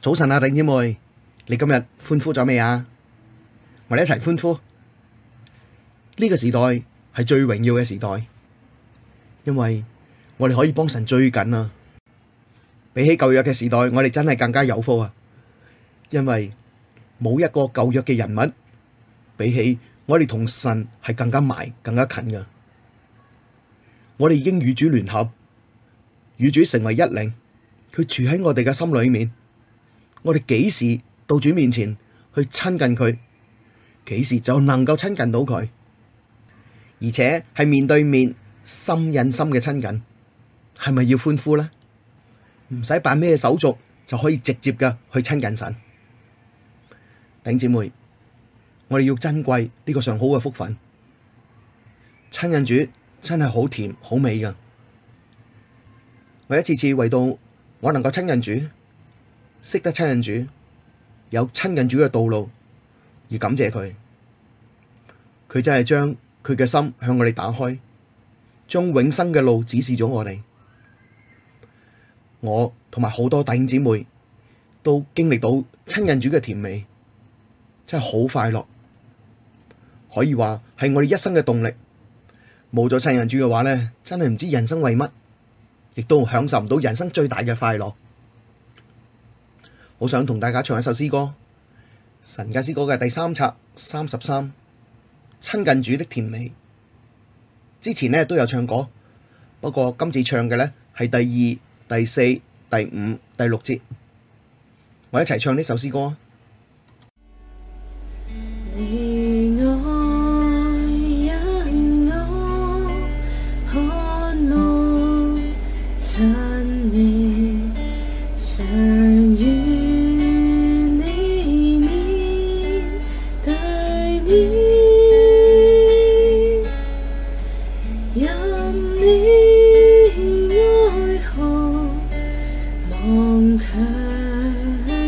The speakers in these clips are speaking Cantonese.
早晨啊，弟兄姊妹，你今日歡呼咗未啊？我哋一齊歡呼呢，這個時代係最榮耀嘅時代，因為我哋可以幫神追緊啊！比起舊約嘅時代，我哋真係更加有福啊！因為冇一個舊約嘅人物，比起我哋同神係更加埋，更加近嘅。我哋已經與主聯合，與主成為一靈，佢住喺我哋嘅心裏面。我哋幾時到主面前去親近佢？幾時就能夠親近到佢？而且係面對面、心印心嘅親近，係咪要歡呼咧？唔使辦咩手續就可以直接嘅去親近神。頂姐妹，我哋要珍貴呢個上好嘅福分，親近主真係好甜好美㗎。我一次次為到我能夠親近主。識得親近主，有親近主嘅道路而感謝佢，佢真係將佢嘅心向我哋打開，將永生嘅路指示咗我哋。我同埋好多弟兄姊妹都經歷到親近主嘅甜美，真係好快樂，可以話係我哋一生嘅動力。冇咗親近主嘅話咧，真係唔知人生為乜，亦都享受唔到人生最大嘅快樂。我想同大家唱一首詩歌，《神家詩歌》嘅第三冊三十三，《親近主的甜美》。之前呢都有唱過，不過今次唱嘅呢係第二、第四、第五、第六節。我一齊唱呢首詩歌。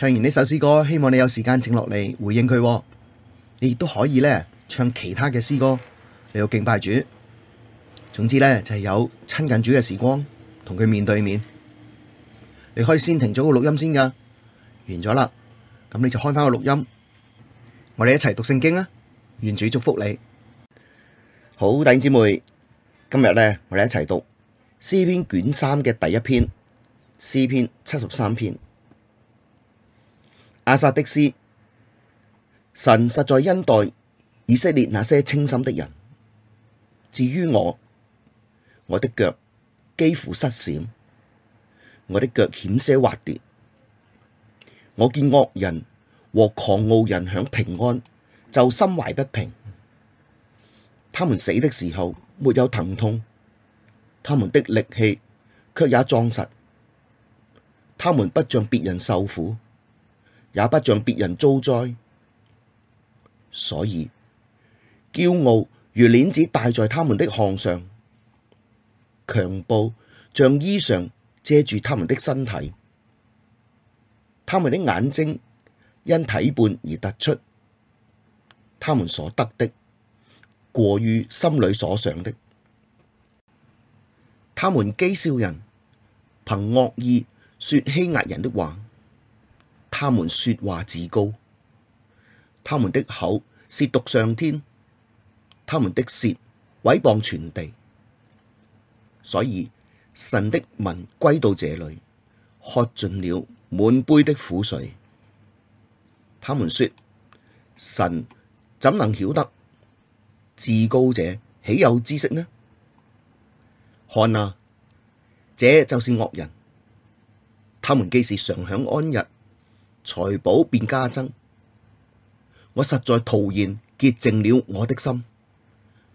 唱完呢首詩歌，希望你有時間靜落嚟回應佢。你亦都可以咧唱其他嘅詩歌嚟到敬拜主。總之咧就係、是、有親近主嘅時光，同佢面對面。你可以先停咗個錄音先噶，完咗啦，咁你就開翻個錄音。我哋一齊讀聖經啊！願主祝福你。好，弟兄姊妹，今日咧我哋一齊讀詩篇卷三嘅第一篇詩篇七十三篇。亞薩的詩，神實在恩待以色列那些清心的人。至於我，我的腳幾乎失閃，我的腳險些滑跌。我見惡人和狂傲人享平安，就心懷不平。他們死的時候沒有疼痛，他們的力氣卻也壯實，他們不像別人受苦。也不像別人遭災，所以驕傲如鏈子戴在他們的項上，強暴像衣裳遮住他們的身體，他們的眼睛因體胖而突出，他們所得的，過於心裡所想的，他們譏笑人，憑惡意說欺壓人的話。他們說話自高，他們的口褻瀆上天，他們的舌毀謗全地，所以神的民歸到這裡，喝盡了滿杯的苦水。他們說：神怎能曉得？至高者豈有知識呢？看啊，這就是惡人，他們既是常享安逸。財寶便加增，我實在徒然潔淨了我的心，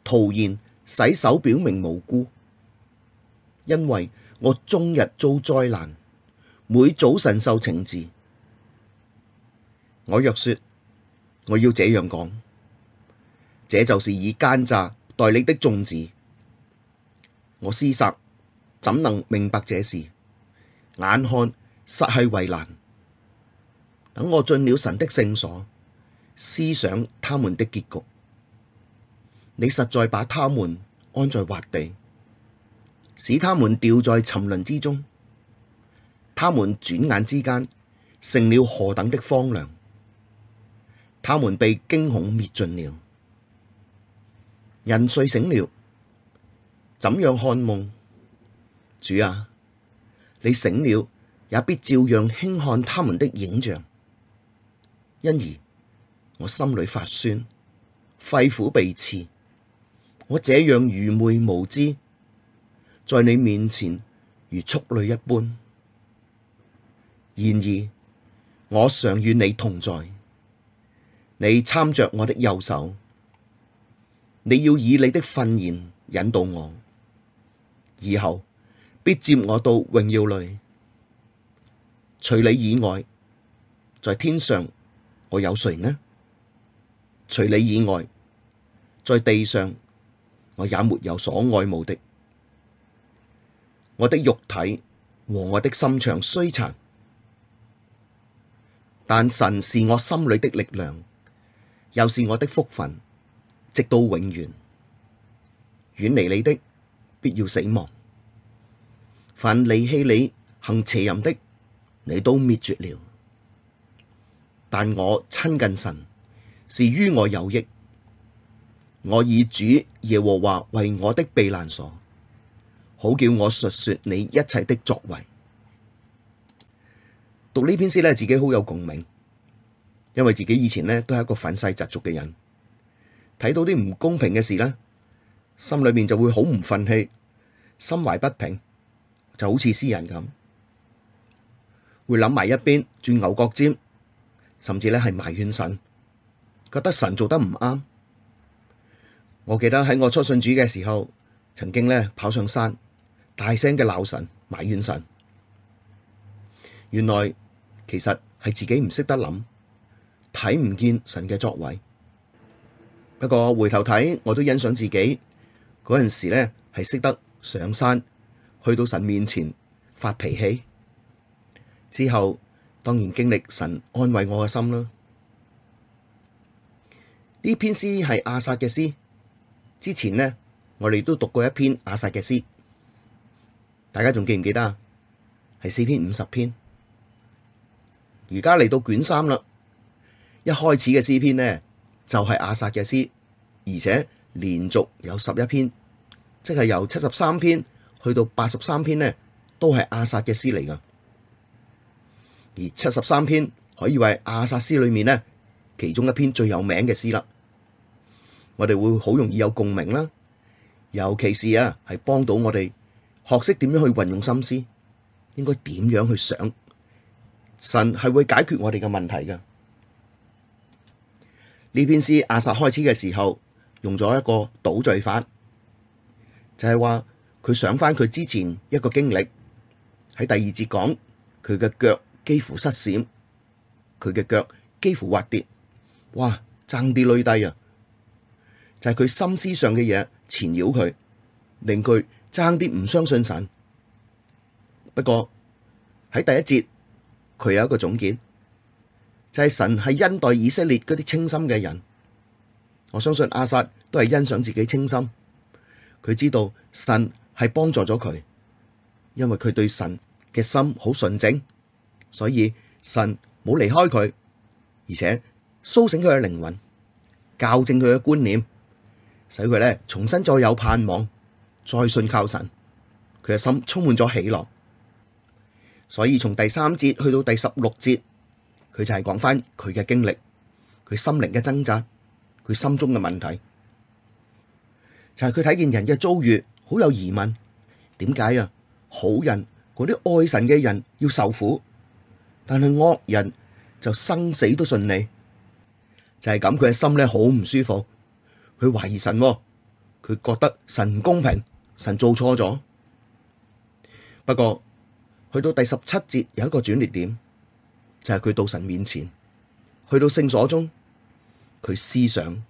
徒然洗手表明無辜，因為我終日遭災難，每早晨受懲治。我若說，我要這樣講，這就是以奸詐待你的眾子，我思索怎能明白這事？眼看實係為難。等我進了神的聖所，思想他們的結局。你實在把他們安在滑地，使他們掉在沉淪之中。他們轉眼之間成了何等的荒涼！他們被驚恐滅盡了。人睡醒了，怎樣看夢？主啊，你醒了，也必照樣輕看他們的影像。因而我心裡發酸，肺腑被刺。我這樣愚昧無知，在你面前如畜類一般。然而我常與你同在，你攙着我的右手，你要以你的訓言引導我，以後必接我到榮耀裡。除你以外，在天上。我有誰呢？除你以外，在地上我也沒有所愛慕的。我的肉體和我的心腸衰殘，但神是我心裡的力量，又是我的福分，直到永遠。遠離你的，必要死亡；凡離棄你，你行邪淫的，你都滅絕了。但我親近神是於我有益，我以主耶和華為我的避難所，好叫我述說你一切的作為。讀呢篇詩咧，自己好有共鳴，因為自己以前咧都係一個憤世嫉俗嘅人，睇到啲唔公平嘅事咧，心裏面就會好唔忿氣，心懷不平，就好似詩人咁，會諗埋一邊轉牛角尖。甚至咧係埋怨神，覺得神做得唔啱。我記得喺我初信主嘅時候，曾經咧跑上山，大聲嘅鬧神、埋怨神。原來其實係自己唔識得諗，睇唔見神嘅作為。不過回頭睇，我都欣賞自己嗰陣時咧係識得上山，去到神面前發脾氣之後。當然經歷神安慰我嘅心啦！呢篇詩係亞薩嘅詩。之前呢，我哋都讀過一篇亞薩嘅詩，大家仲記唔記得啊？係四篇五十篇。而家嚟到卷三啦，一開始嘅詩篇呢，就係亞薩嘅詩，而且連續有十一篇，即係由七十三篇去到八十三篇呢，都係亞薩嘅詩嚟㗎。而七十三篇可以為亞薩斯裏面呢，其中一篇最有名嘅詩啦。我哋會好容易有共鳴啦，尤其是啊，係幫到我哋學識點樣去運用心思，應該點樣去想，神係會解決我哋嘅問題噶。呢篇詩亞薩開始嘅時候用咗一個倒敘法，就係話佢想翻佢之前一個經歷，喺第二節講佢嘅腳。幾乎失閃，佢嘅腳幾乎滑跌，哇！爭啲累低啊，就係佢心思上嘅嘢纏繞佢，令佢爭啲唔相信神。不過喺第一節佢有一個總結，就係、是、神係恩待以色列嗰啲清心嘅人。我相信亞薩都係欣賞自己清心，佢知道神係幫助咗佢，因為佢對神嘅心好純淨。所以神冇離開佢，而且蘇醒佢嘅靈魂，校正佢嘅觀念，使佢咧重新再有盼望，再信靠神，佢嘅心充滿咗喜樂。所以從第三節去到第十六節，佢就係講返佢嘅經歷，佢心靈嘅掙扎，佢心中嘅問題，就係佢睇見人嘅遭遇好有疑問，點解啊？好人嗰啲愛神嘅人要受苦？但係惡人就生死都順利，就係咁，佢嘅心咧好唔舒服，佢懷疑神，佢覺得神唔公平，神做錯咗。不過去到第十七節有一個轉捩點，就係、是、佢到神面前，去到聖所中，佢思想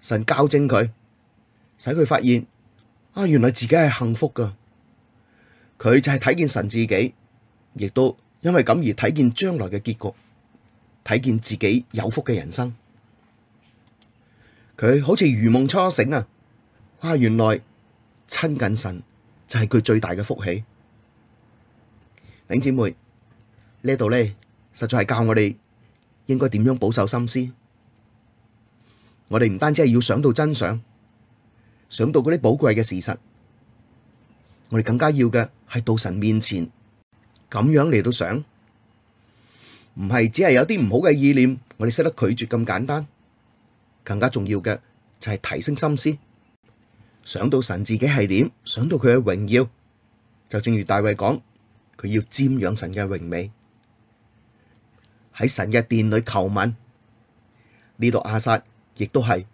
神校正佢，使佢發現啊，原來自己係幸福噶，佢就係睇見神自己，亦都。因為咁而睇見將來嘅結局，睇見自己有福嘅人生，佢好似如夢初醒啊！哇，原來親近神就係佢最大嘅福氣。弟兄姊妹，呢度咧，實在係教我哋應該點樣保守心思。我哋唔單止係要想到真相，想到嗰啲寶貴嘅事實，我哋更加要嘅係到神面前。咁樣嚟到想，唔係只係有啲唔好嘅意念，我哋識得拒絕咁簡單，更加重要嘅就係提升心思，想到神自己係點，想到佢嘅榮耀，就正如大衛講，佢要瞻仰神嘅榮美，喺神嘅殿裏求問，呢度亞薩亦都係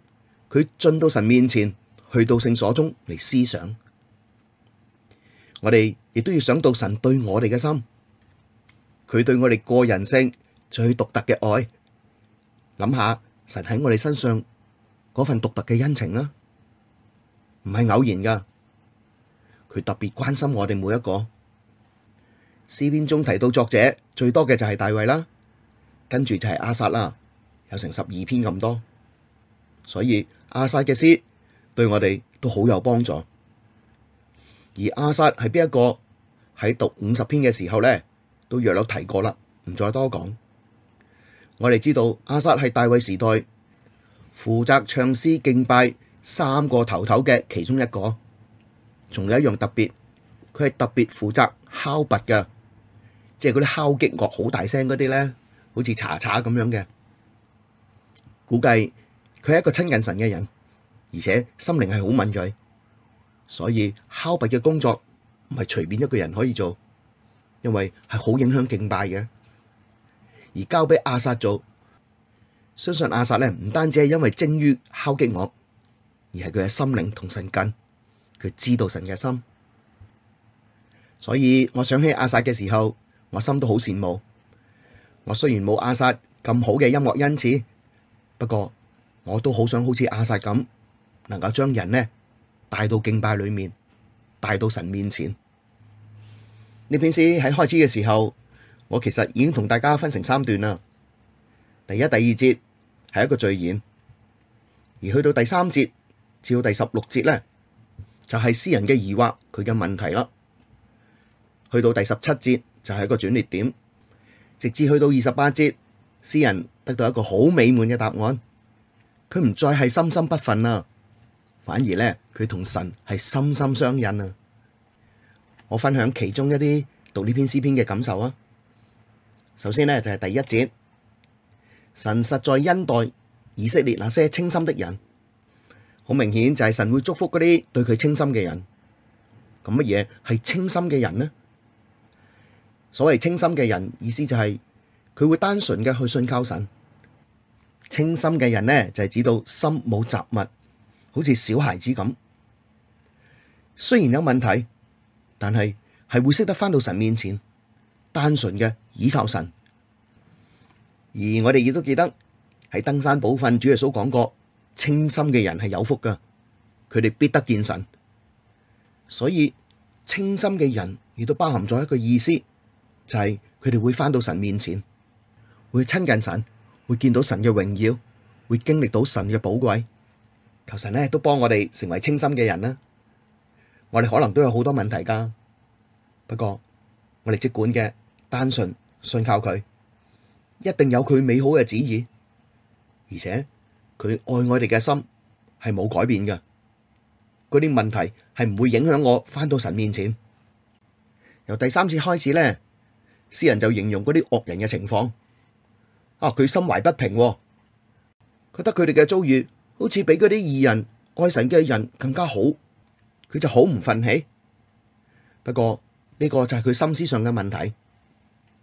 佢進到神面前，去到聖所中嚟思想，我哋亦都要想到神對我哋嘅心。佢對我哋個人性最獨特嘅愛，諗下神喺我哋身上嗰份獨特嘅恩情啦，唔係偶然噶，佢特別關心我哋每一個。詩篇中提到作者最多嘅就係大衛啦，跟住就係亞薩啦，有成十二篇咁多，所以亞薩嘅詩對我哋都好有幫助。而亞薩係邊一個喺讀五十篇嘅時候咧？都約略提過啦，唔再多講。我哋知道亞薩係大衛時代負責唱詩敬拜三個頭頭嘅其中一個，仲有一樣特別，佢係特別負責敲鈸嘅，即係嗰啲敲擊樂好大聲嗰啲咧，好似嚓嚓咁樣嘅。估計佢係一個親近神嘅人，而且心靈係好敏銳，所以敲鈸嘅工作唔係隨便一個人可以做。因為係好影響敬拜嘅，而交俾亞薩做，相信亞薩咧唔單止係因為精於敲擊樂，而係佢嘅心靈同神近，佢知道神嘅心。所以我想起亞薩嘅時候，我心都好羨慕。我雖然冇亞薩咁好嘅音樂恩賜，不過我都好想好似亞薩咁，能夠將人呢帶到敬拜裏面，帶到神面前。呢篇詩喺開始嘅時候，我其實已經同大家分成三段啦。第一、第二節係一個序言，而去到第三節至到第十六節咧，就係詩人嘅疑惑，佢嘅問題啦。去到第十七節就係一個轉捩點，直至去到二十八節，詩人得到一個好美滿嘅答案。佢唔再係心心不忿啦，反而咧佢同神係心心相印啊！我分享其中一啲讀呢篇詩篇嘅感受啊。首先呢，就係、是、第一節，神實在恩待以色列那些清心的人，好明顯就係神會祝福嗰啲對佢清心嘅人。咁乜嘢係清心嘅人呢？所謂清心嘅人，意思就係、是、佢會單純嘅去信靠神。清心嘅人呢，就係、是、指到心冇雜物，好似小孩子咁。雖然有問題。但係係會識得翻到神面前，單純嘅倚靠神。而我哋亦都記得喺登山寶訓，主耶穌講過，清心嘅人係有福噶，佢哋必得見神。所以清心嘅人亦都包含咗一個意思，就係佢哋會翻到神面前，會親近神，會見到神嘅榮耀，會經歷到神嘅寶貴。求神咧都幫我哋成為清心嘅人啦。我哋可能都有好多問題噶，不過我哋即管嘅，單純信靠佢，一定有佢美好嘅旨意，而且佢愛我哋嘅心係冇改變嘅，嗰啲問題係唔會影響我返到神面前。由第三次開始咧，詩人就形容嗰啲惡人嘅情況，啊，佢心懷不平，覺得佢哋嘅遭遇，好似比嗰啲義人愛神嘅人更加好。佢就好唔忿氣，不過呢個就係佢心思上嘅問題。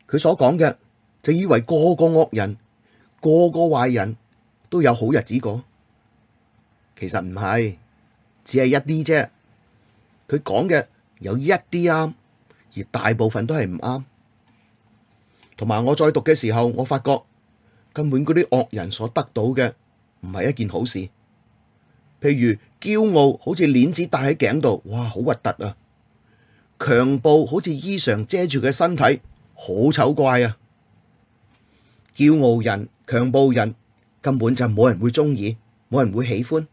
佢所講嘅，就以為個個惡人、個個壞人都有好日子過，其實唔係，只係一啲啫。佢講嘅有一啲啱，而大部分都係唔啱。同埋我再讀嘅時候，我發覺根本嗰啲惡人所得到嘅唔係一件好事。譬如驕傲好似鏈子戴喺頸度，哇好核突啊！強暴好似衣裳遮住佢身體，好醜怪啊！驕傲人、強暴人根本就冇人會中意，冇人會喜歡。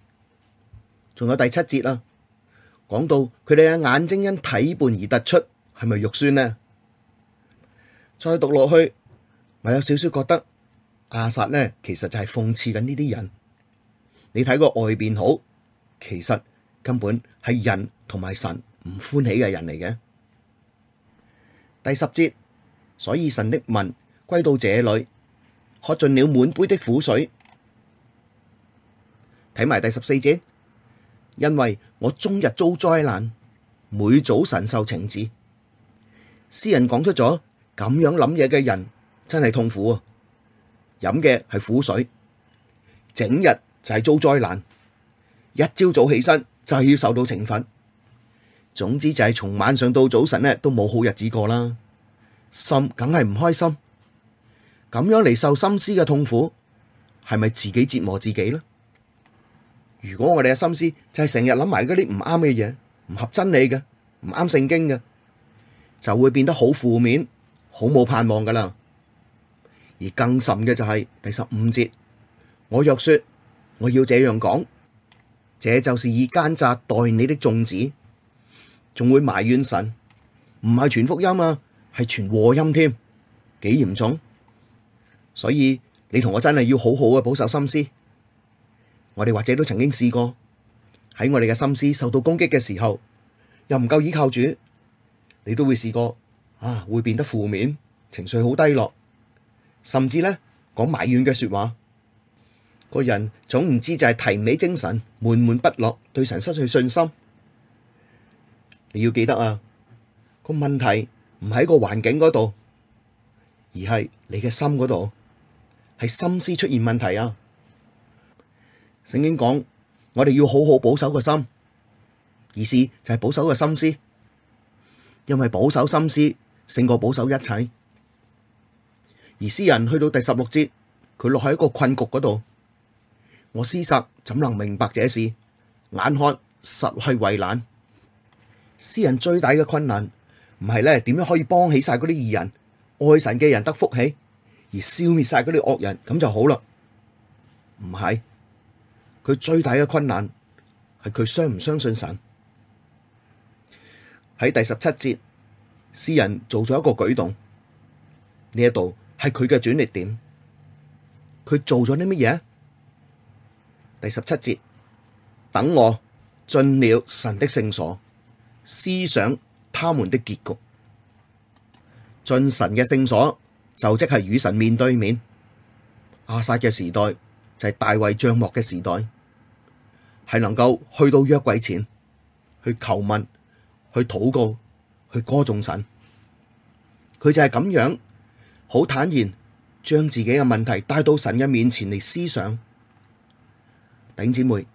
仲有，有第七節啦、啊，講到佢哋嘅眼睛因體胖而突出，係咪肉酸呢？再讀落去，咪有少少覺得亞薩呢，其實就係諷刺緊呢啲人。你睇個外邊好，其實根本係人同埋神唔歡喜嘅人嚟嘅。第十節，所以神的民歸到這裏，喝盡了滿杯的苦水。睇埋第十四節，因為我終日遭災難，每早晨受懲治。詩人講出咗咁樣諗嘢嘅人真係痛苦啊！飲嘅係苦水，整日。就係遭災難，一朝早起身就要受到懲罰。總之就係從晚上到早晨咧都冇好日子過啦，心梗係唔開心，咁樣嚟受心思嘅痛苦，係咪自己折磨自己呢？如果我哋嘅心思就係成日諗埋嗰啲唔啱嘅嘢，唔合真理嘅，唔啱聖經嘅，就會變得好負面，好冇盼望噶啦。而更甚嘅就係第十五節，我若說。我要這樣講，這就是以奸詐待你的眾子，仲會埋怨神，唔係全福音啊，係全禍音添，幾嚴重？所以你同我真係要好好嘅保守心思。我哋或者都曾經試過喺我哋嘅心思受到攻擊嘅時候，又唔夠倚靠主，你都會試過啊，會變得負面，情緒好低落，甚至呢，講埋怨嘅說話。個人總唔知就係提唔起精神，悶悶不樂，對神失去信心。你要記得啊，個問題唔喺個環境嗰度，而係你嘅心嗰度，係心思出現問題啊。聖經講，我哋要好好保守個心，意思就係保守個心思，因為保守心思勝過保守一切。而詩人去到第十六節，佢落喺一個困局嗰度。我思索，怎能明白這事，眼看實係為難。詩人最大嘅困難唔係咧，點樣可以幫起晒嗰啲義人、愛神嘅人得福氣，而消滅晒嗰啲惡人，咁就好啦。唔係，佢最大嘅困難係佢相唔相信神。喺第十七節，詩人做咗一個舉動，呢一度係佢嘅轉捩點。佢做咗啲乜嘢？第十七節，等我進了神的聖所，思想他們的結局。進神嘅聖所就即係與神面對面。亞薩嘅時代就係大衛帳幕嘅時代，係、就是、能夠去到約櫃前去求問、去禱告、去歌頌神。佢就係咁樣好坦然將自己嘅問題帶到神嘅面前嚟思想。頂姐妹，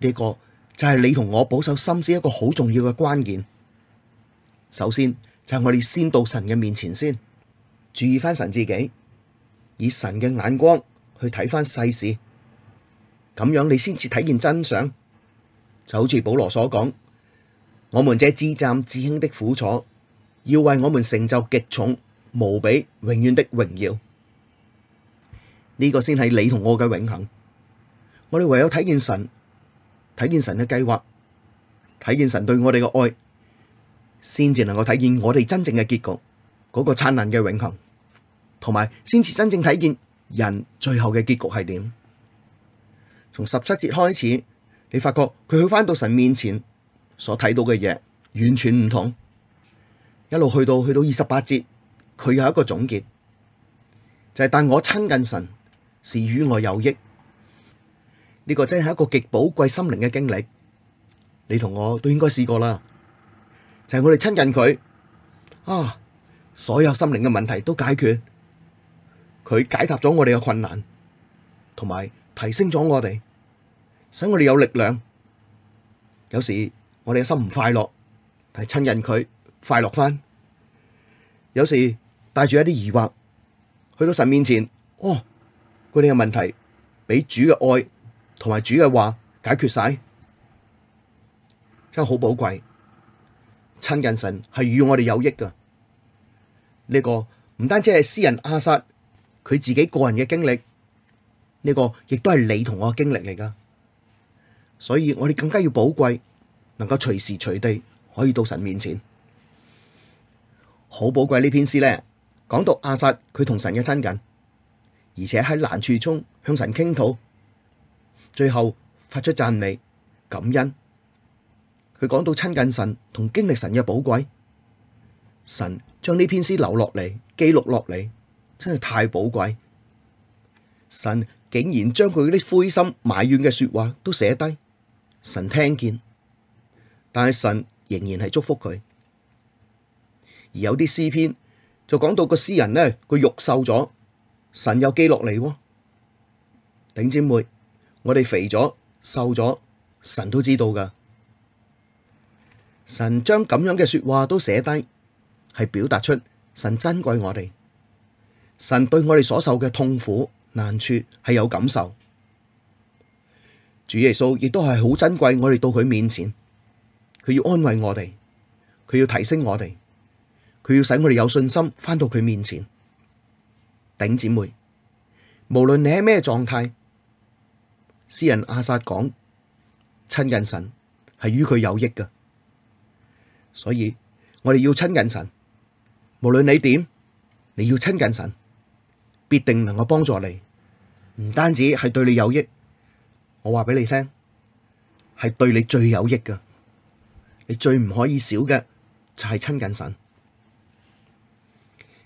呢個就係你同我保守心思一個好重要嘅關鍵。首先就係我哋先到神嘅面前先，注意翻，神自己，以神嘅眼光去睇翻世事，咁樣你先至體現真相。就好似保羅所講，我們這至暫至輕的苦楚，要為我們成就極重無比永遠的榮耀。呢個先係你同我嘅永恆。我哋唯有睇見神、睇見神嘅計劃、睇見神對我哋嘅愛，先至能夠睇見我哋真正嘅結局，嗰個燦爛嘅永恒，同埋先至真正睇見人最後嘅結局係點。從十七節開始，你發覺佢去返到神面前所睇到嘅嘢，完全唔同，一路去到去到二十八節，佢有一個總結，就係但我親近神是與我有益。呢個真係一個極寶貴心靈嘅經歷，你同我都應該試過啦。就係、是、我哋親近佢啊，所有心靈嘅問題都解決，佢解答咗我哋嘅困難，同埋提升咗我哋，使我哋有力量。有時我哋嘅心唔快樂，但係親近佢快樂翻；有時帶住一啲疑惑去到神面前，哦、啊，佢哋嘅問題俾主嘅愛。同埋主嘅話解決晒，真係好寶貴。親近神係與我哋有益噶。呢、這個唔單止係私人阿撒詩人亞薩佢自己個人嘅經歷，呢、這個亦都係你同我嘅經歷嚟噶。所以我哋更加要寶貴，能夠隨時隨地可以到神面前。好寶貴呢篇詩咧，講到亞薩佢同神嘅親近，而且喺難處中向神傾吐。最後發出讚美感恩，佢講到親近神同經歷神嘅寶貴，神將呢篇詩留落嚟，記錄落嚟，真係太寶貴。神竟然將佢啲灰心埋怨嘅說話都寫低，神聽見，但係神仍然係祝福佢。而有啲詩篇就講到個詩人呢，佢肉瘦咗，神又記落嚟喎，頂姐妹我哋肥咗、瘦咗，神都知道噶。神將咁樣嘅說話都寫低，係表達出神珍貴我哋，神對我哋所受嘅痛苦難處係有感受。主耶穌亦都係好珍貴我哋到佢面前，佢要安慰我哋，佢要提升我哋，佢要使我哋有信心返到佢面前。頂姊妹，無論你喺咩狀態。詩人亞薩講：親近神係於佢有益噶，所以我哋要親近神。無論你點，你要親近神，必定能夠幫助你。唔單止係對你有益，我話俾你聽，係對你最有益噶。你最唔可以少嘅就係、是、親近神。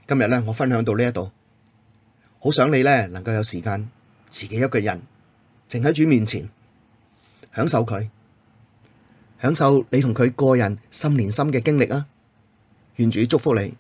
今日咧，我分享到呢一度，好想你咧能夠有時間自己一個人。靜喺主面前，享受佢，享受你同佢個人心連心嘅經歷啊！願主祝福你。